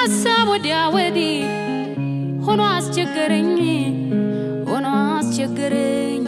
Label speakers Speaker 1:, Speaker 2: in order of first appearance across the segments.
Speaker 1: ሀሳብ ወዲያ ወዲህ ሆኖ አስቸገረኝ ሆኖ አስቸገረኝ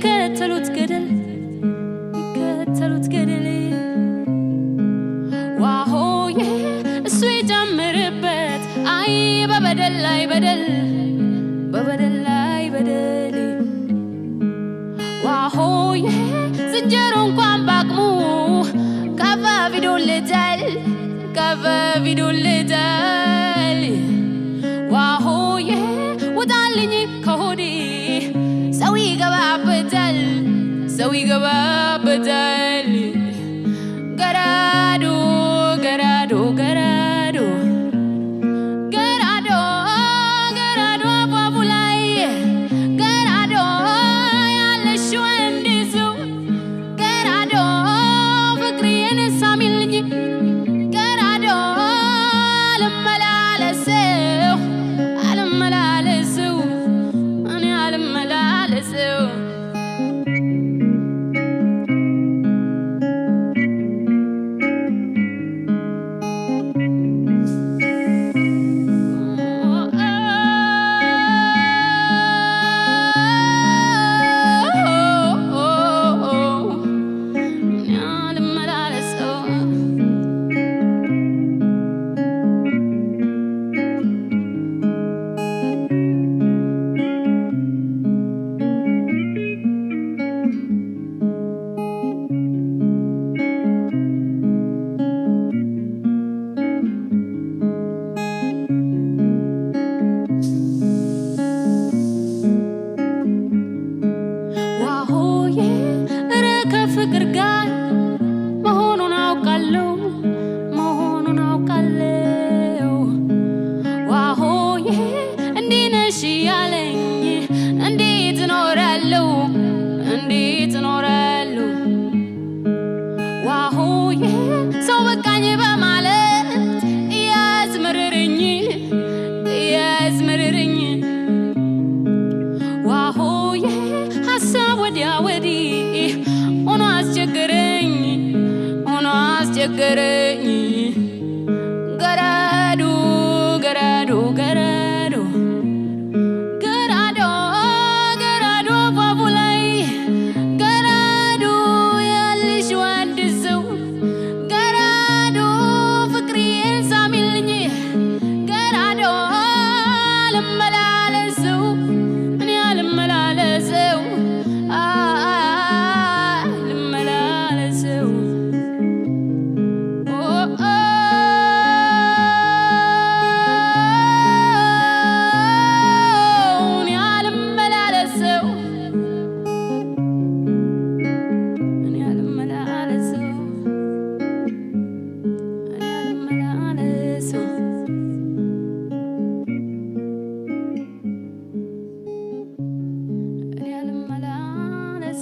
Speaker 1: ይከተሉት ገደል የሚከተሉት ገደል ዋሆዬ እሱ የጨምርበት አይ በበደል ላይ በደል በበደል ላይ በደል ዋሆዬ ዝንጀሮ እንኳን ባቅሙ ከበብ ይዶልታል ከበብ ይዶልታል amiga vai.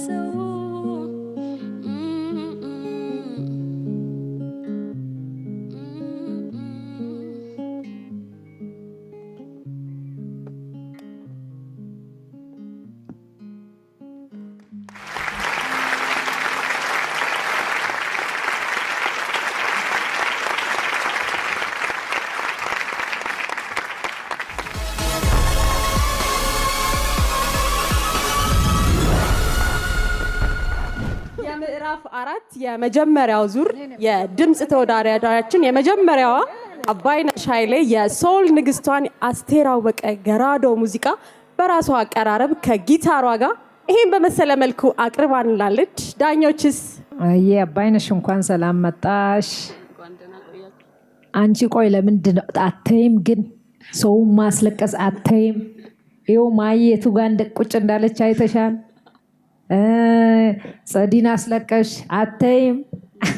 Speaker 1: so
Speaker 2: አራት የመጀመሪያው ዙር የድምፅ ተወዳዳሪያችን የመጀመሪያዋ አባይነሽ ኃይሌ የሶል ንግስቷን አስቴር አወቀ ገራዶ ሙዚቃ በራሷ አቀራረብ ከጊታሯ ጋር ይህን በመሰለ መልኩ አቅርባንላለች። ዳኞችስ
Speaker 3: የአባይነሽ እንኳን ሰላም መጣሽ። አንቺ ቆይ ለምንድን አተይም ግን ሰውን ማስለቀስ አተይም። ይኸው ማየቱ ጋር እንደቁጭ እንዳለች አይተሻል። ጸዲን አስለቀሽ አተይም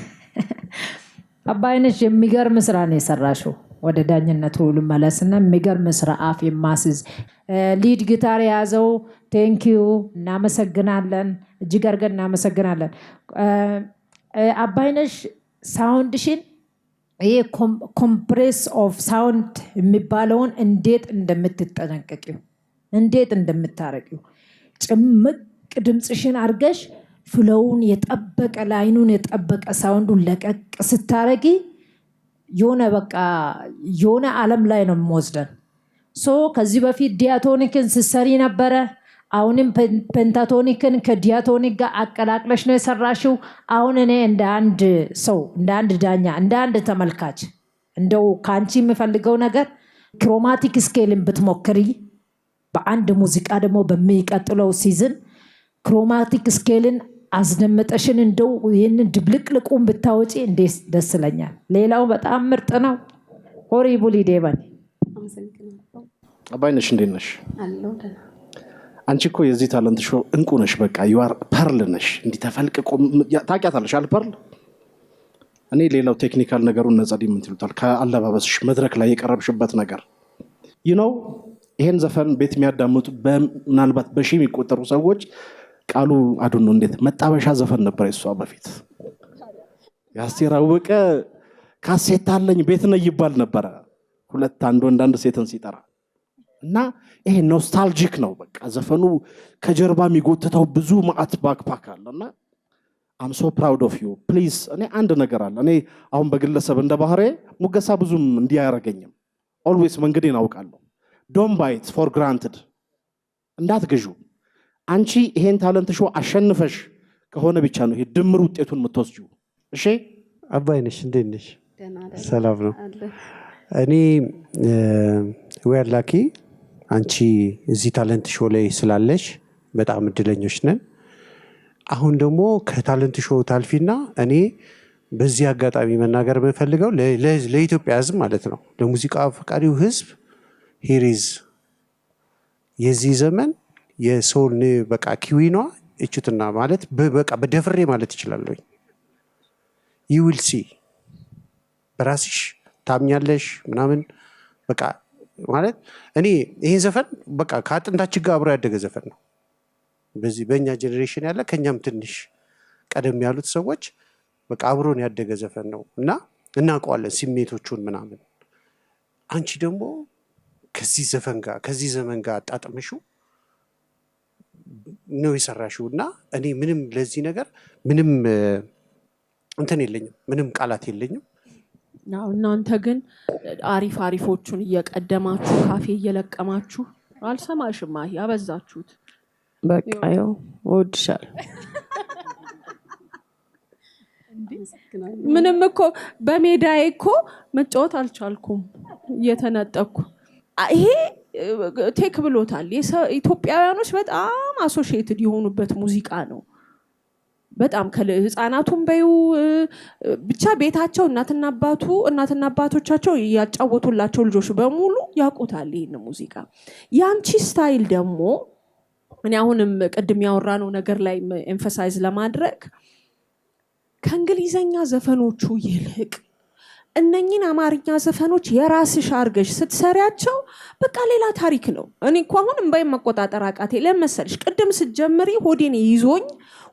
Speaker 3: አባይነሽ የሚገርም ስራ ነው የሰራሽው። ወደ ዳኝነቱ ልመለስና የሚገርም ስራ አፍ የማስዝ ሊድ ጊታር የያዘው ቴንኪዩ፣ እናመሰግናለን፣ እጅግ አድርገን እናመሰግናለን። አባይነሽ ሳውንድሽን ይሄ ኮምፕሬስ ኦፍ ሳውንድ የሚባለውን እንዴት እንደምትጠነቀቂው እንዴት እንደምታረቂው ጭምቅ ድምፅሽን አድርገሽ ፍለውን የጠበቀ ላይኑን የጠበቀ ሳውንዱን ለቀቅ ስታረጊ የሆነ በቃ የሆነ ዓለም ላይ ነው የሚወስደን። ሶ ከዚህ በፊት ዲያቶኒክን ስሰሪ ነበረ። አሁንም ፔንታቶኒክን ከዲያቶኒክ ጋር አቀላቅለሽ ነው የሰራሽው። አሁን እኔ እንደ አንድ ሰው እንደ አንድ ዳኛ እንደ አንድ ተመልካች እንደው ከአንቺ የምፈልገው ነገር ክሮማቲክ ስኬልን ብትሞክሪ በአንድ ሙዚቃ ደግሞ በሚቀጥለው ሲዝን ክሮማቲክ ስኬልን አስደመጠሽን። እንደው ይህንን ድብልቅልቁን ብታወጪ እንዴ ደስ ይለኛል። ሌላው በጣም ምርጥ ነው። ሆሪቡል ዴበን
Speaker 4: አባይነሽ፣ እንዴት ነሽ? አንቺ እኮ የዚህ ታለንት ሾ እንቁ ነሽ። በቃ ዩአር ፐርል ነሽ። እንዲህ ተፈልቅቆ ታውቂያታለሽ ፐርል። እኔ ሌላው ቴክኒካል ነገሩን ነጸድ የምንትሉታል ከአለባበስሽ መድረክ ላይ የቀረብሽበት ነገር ይህ ነው። ይሄን ዘፈን ቤት የሚያዳምጡ ምናልባት በሺ የሚቆጠሩ ሰዎች ቃሉ አድኖ እንዴት መጣበሻ ዘፈን ነበር የሷ በፊት የአስቴር አወቀ ካሴት አለኝ ቤት ነ ይባል ነበረ። ሁለት አንድ ወንድ አንድ ሴትን ሲጠራ እና ይሄ ኖስታልጂክ ነው። በቃ ዘፈኑ ከጀርባ የሚጎትተው ብዙ ማአት ባክፓክ አለ እና አም ሶ ፕራውድ ኦፍ ዩ ፕሊዝ። እኔ አንድ ነገር አለ። እኔ አሁን በግለሰብ እንደ ባህሬ ሙገሳ ብዙም እንዲህ አያረገኝም። ኦልዌይስ መንገዴን አውቃለሁ። ዶን ባይት ፎር ግራንትድ እንዳትገዡ አንቺ ይሄን ታለንት ሾ አሸንፈሽ ከሆነ ብቻ ነው ይሄ ድምር ውጤቱን የምትወስጂው። እሺ
Speaker 5: አባይነሽ እንዴት ነሽ? ሰላም ነው። እኔ ዌር ላኪ አንቺ እዚህ ታለንት ሾ ላይ ስላለሽ በጣም እድለኞች ነን። አሁን ደግሞ ከታለንት ሾ ታልፊና እኔ በዚህ አጋጣሚ መናገር የምፈልገው ለኢትዮጵያ ሕዝብ ማለት ነው ለሙዚቃ ፈቃሪው ሕዝብ ሂሪዝ የዚህ ዘመን የሰውን በቃ ኪዊኗ እችትና ማለት በቃ በደፍሬ ማለት ይችላለኝ። ሲ በራስሽ ታምኛለሽ ምናምን በቃ ማለት እኔ ይህን ዘፈን በቃ ከአጥንታችን ጋር አብሮ ያደገ ዘፈን ነው። በዚህ በእኛ ጀኔሬሽን ያለ ከእኛም ትንሽ ቀደም ያሉት ሰዎች በቃ አብሮን ያደገ ዘፈን ነው እና እናውቀዋለን ስሜቶቹን ምናምን። አንቺ ደግሞ ከዚህ ዘፈን ጋር ከዚህ ዘመን ጋር አጣጥምሽው ነው የሰራሽው እና እኔ ምንም ለዚህ ነገር ምንም እንትን የለኝም፣ ምንም ቃላት የለኝም።
Speaker 6: እናንተ ግን አሪፍ አሪፎቹን እየቀደማችሁ ካፌ እየለቀማችሁ አልሰማሽም። ያበዛችሁት።
Speaker 7: በቃ ይኸው ወድሻል።
Speaker 6: ምንም እኮ በሜዳዬ እኮ መጫወት አልቻልኩም፣ እየተነጠኩ ይሄ ቴክ ብሎታል። ኢትዮጵያውያኖች በጣም አሶሽትድ የሆኑበት ሙዚቃ ነው። በጣም ህፃናቱን በዩ ብቻ ቤታቸው እናትና አባቱ እናትና አባቶቻቸው ያጫወቱላቸው ልጆች በሙሉ ያውቁታል ይህን ሙዚቃ። የአንቺ ስታይል ደግሞ እኔ አሁንም ቅድም ያወራነው ነገር ላይ ኤንፈሳይዝ ለማድረግ ከእንግሊዘኛ ዘፈኖቹ ይልቅ እነኚህን አማርኛ ዘፈኖች የራስሽ አርገሽ ስትሰሪያቸው በቃ ሌላ ታሪክ ነው። እኔ እኮ አሁን እምባይ መቆጣጠር አቃቴ። ለመሰልሽ ቅድም ስትጀምሪ ሆዴን ይዞኝ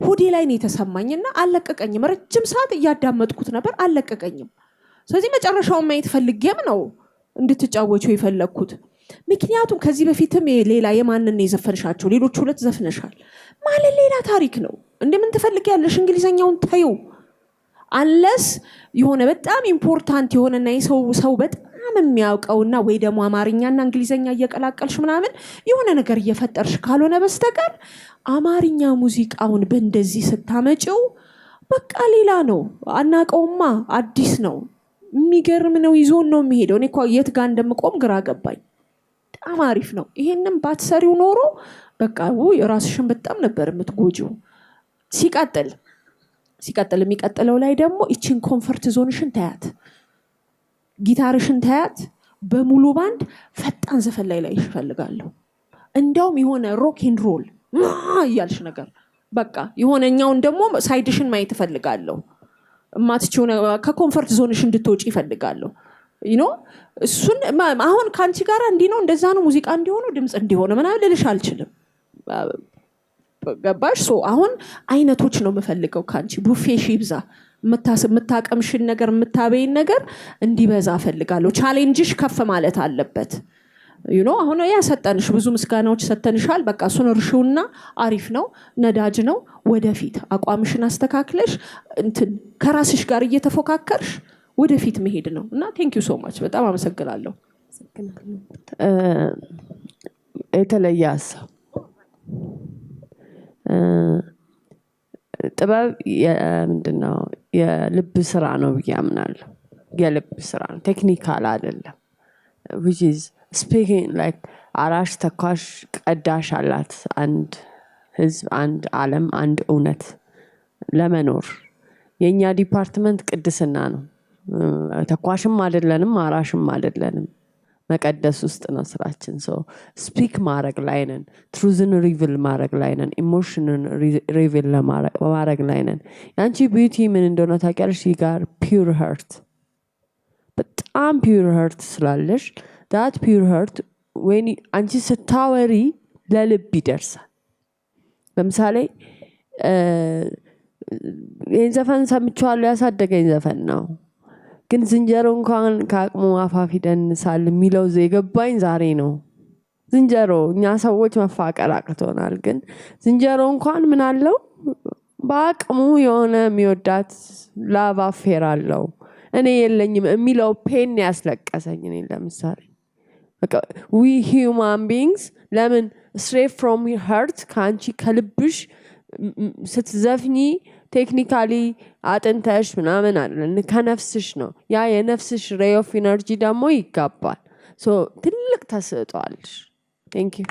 Speaker 6: ሆዴ ላይ ነው የተሰማኝና አለቀቀኝም። ረጅም ሰዓት እያዳመጥኩት ነበር፣ አለቀቀኝም። ስለዚህ መጨረሻውን ማየት ፈልጌም ነው እንድትጫወቸው የፈለግኩት። ምክንያቱም ከዚህ በፊትም ሌላ የማንን የዘፈንሻቸው ሌሎች ሁለት ዘፍነሻል ማለት ሌላ ታሪክ ነው። እንደምን ትፈልጊያለሽ? እንግሊዘኛውን ተይው አንለስ የሆነ በጣም ኢምፖርታንት የሆነና የሰው ሰው በጣም የሚያውቀውና ወይ ደግሞ አማርኛና እንግሊዘኛ እየቀላቀልሽ ምናምን የሆነ ነገር እየፈጠርሽ ካልሆነ በስተቀር አማርኛ ሙዚቃውን በእንደዚህ ስታመጪው በቃ ሌላ ነው። አናቀውማ፣ አዲስ ነው፣ የሚገርም ነው፣ ይዞን ነው የሚሄደው። እኔ እኮ የት ጋር እንደምቆም ግራ ገባኝ። በጣም አሪፍ ነው። ይሄንም ባትሰሪው ኖሮ በቃ ራስሽን በጣም ነበር የምትጎጂው። ሲቀጥል ሲቀጥል የሚቀጥለው ላይ ደግሞ ይችን ኮንፈርት ዞንሽን ታያት፣ ጊታርሽን ታያት። በሙሉ ባንድ ፈጣን ዘፈን ላይ ላይ ይፈልጋለሁ። እንዲያውም የሆነ ሮክ ኤንድ ሮል እያልሽ ነገር በቃ የሆነኛውን ደግሞ ሳይድሽን ማየት እፈልጋለሁ። እማትችው ከኮንፈርት ዞንሽ እንድትወጪ ይፈልጋለሁ። ይኖ እሱን አሁን ከአንቺ ጋር እንዲህ ነው እንደዛ ነው ሙዚቃ እንዲሆኑ ድምፅ እንዲሆነ ምናምን ልልሽ አልችልም። ገባሽ? አሁን አይነቶች ነው የምፈልገው ከአንቺ ቡፌሽ ይብዛ። የምታቀምሽን ነገር የምታበይን ነገር እንዲበዛ ፈልጋለሁ ቻሌንጅሽ ከፍ ማለት አለበት። ዩኖ አሁን ያ ሰጠንሽ ብዙ ምስጋናዎች ሰጠንሻል። በቃ እሱን እርሺውና አሪፍ ነው፣ ነዳጅ ነው። ወደፊት አቋምሽን አስተካክለሽ እንትን ከራስሽ ጋር እየተፎካከርሽ ወደፊት መሄድ ነው እና ቴንኪዩ ሶ ማች በጣም አመሰግናለሁ።
Speaker 7: የተለየ ሀሳብ ጥበብ ምንድነው የልብ ስራ ነው ብዬ አምናለሁ። የልብ ስራ ነው፣ ቴክኒካል አይደለም። ስፒኪንግ ላይክ አራሽ፣ ተኳሽ፣ ቀዳሽ አላት አንድ ህዝብ፣ አንድ አለም፣ አንድ እውነት ለመኖር የእኛ ዲፓርትመንት ቅድስና ነው። ተኳሽም አይደለንም፣ አራሽም አይደለንም። መቀደስ ውስጥ ነው ስራችን። ሰው ስፒክ ማድረግ ላይ ነን። ትሩዝን ሪቪል ማድረግ ላይ ነን። ኢሞሽንን ሪቪል ማድረግ ላይ ነን። የአንቺ ቢዩቲ ምን እንደሆነ ታውቂያለሽ። ጋር ፒር ሀርት በጣም ፒር ሀርት ስላለሽ ዳት ፒር ሀርት ወይ አንቺ ስታወሪ ለልብ ይደርሳል። ለምሳሌ ይህን ዘፈን ሰምቼዋለሁ ያሳደገኝ ዘፈን ነው ግን ዝንጀሮ እንኳን ከአቅሙ አፋፍ ይደንሳል የሚለው የገባኝ ዛሬ ነው። ዝንጀሮ እኛ ሰዎች መፋቀር አቅቶናል። ግን ዝንጀሮ እንኳን ምን አለው በአቅሙ የሆነ የሚወዳት ላቭ አፌር አለው። እኔ የለኝም የሚለው ፔን ያስለቀሰኝ እኔ ለምሳሌ ዊ ሂውማን ቢንግስ ለምን ስትሬት ፍሮም ሀርት ከአንቺ ከልብሽ ስትዘፍኚ ቴክኒካሊ አጥንተሽ ምናምን አለን ከነፍስሽ ነው። ያ የነፍስሽ ሬይ ኦፍ ኢነርጂ ደግሞ ይጋባል። ትልቅ ተሰጥኦአለሽ። ቴንክ ዩ